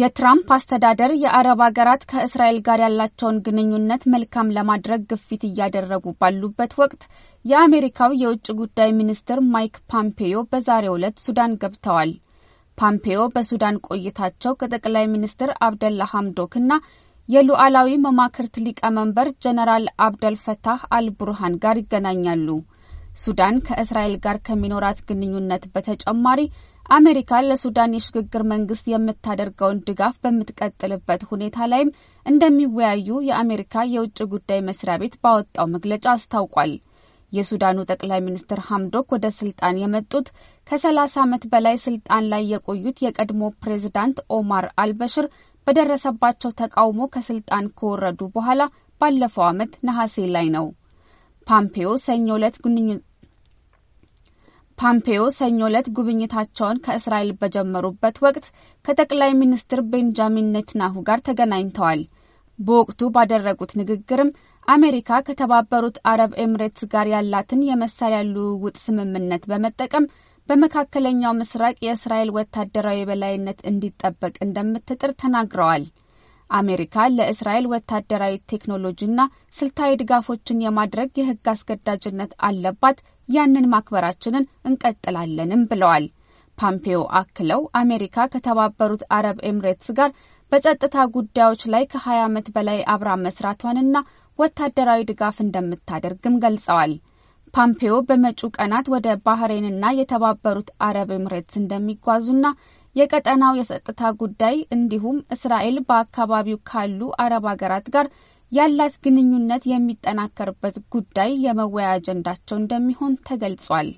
የትራምፕ አስተዳደር የአረብ ሀገራት ከእስራኤል ጋር ያላቸውን ግንኙነት መልካም ለማድረግ ግፊት እያደረጉ ባሉበት ወቅት የአሜሪካው የውጭ ጉዳይ ሚኒስትር ማይክ ፖምፔዮ በዛሬው ዕለት ሱዳን ገብተዋል። ፓምፔዮ በሱዳን ቆይታቸው ከጠቅላይ ሚኒስትር አብደላ እና የሉዓላዊ መማክርት ሊቀመንበር ጀነራል አብደል ፈታህ አልቡርሃን ጋር ይገናኛሉ። ሱዳን ከእስራኤል ጋር ከሚኖራት ግንኙነት በተጨማሪ አሜሪካ ለሱዳን የሽግግር መንግስት የምታደርገውን ድጋፍ በምትቀጥልበት ሁኔታ ላይም እንደሚወያዩ የአሜሪካ የውጭ ጉዳይ መስሪያ ቤት ባወጣው መግለጫ አስታውቋል። የሱዳኑ ጠቅላይ ሚኒስትር ሐምዶክ ወደ ስልጣን የመጡት ከ30 ዓመት በላይ ስልጣን ላይ የቆዩት የቀድሞ ፕሬዝዳንት ኦማር አልበሽር በደረሰባቸው ተቃውሞ ከስልጣን ከወረዱ በኋላ ባለፈው ዓመት ነሐሴ ላይ ነው። ፓምፔዮ ሰኞ ዕለት ፓምፔዮ ሰኞ ዕለት ጉብኝታቸውን ከእስራኤል በጀመሩበት ወቅት ከጠቅላይ ሚኒስትር ቤንጃሚን ኔትናሁ ጋር ተገናኝተዋል። በወቅቱ ባደረጉት ንግግርም አሜሪካ ከተባበሩት አረብ ኤምሬትስ ጋር ያላትን የመሳሪያ ልውውጥ ስምምነት በመጠቀም በመካከለኛው ምስራቅ የእስራኤል ወታደራዊ የበላይነት እንዲጠበቅ እንደምትጥር ተናግረዋል። አሜሪካ ለእስራኤል ወታደራዊ ቴክኖሎጂና ስልታዊ ድጋፎችን የማድረግ የህግ አስገዳጅነት አለባት፣ ያንን ማክበራችንን እንቀጥላለንም ብለዋል። ፓምፔዮ አክለው አሜሪካ ከተባበሩት አረብ ኤምሬትስ ጋር በጸጥታ ጉዳዮች ላይ ከ20 ዓመት በላይ አብራ መስራቷንና ወታደራዊ ድጋፍ እንደምታደርግም ገልጸዋል። ፓምፔዮ በመጪው ቀናት ወደ ባህሬንና የተባበሩት አረብ ኤምሬትስ እንደሚጓዙና የቀጠናው የጸጥታ ጉዳይ እንዲሁም እስራኤል በአካባቢው ካሉ አረብ ሀገራት ጋር ያላት ግንኙነት የሚጠናከርበት ጉዳይ የመወያያ አጀንዳቸው እንደሚሆን ተገልጿል።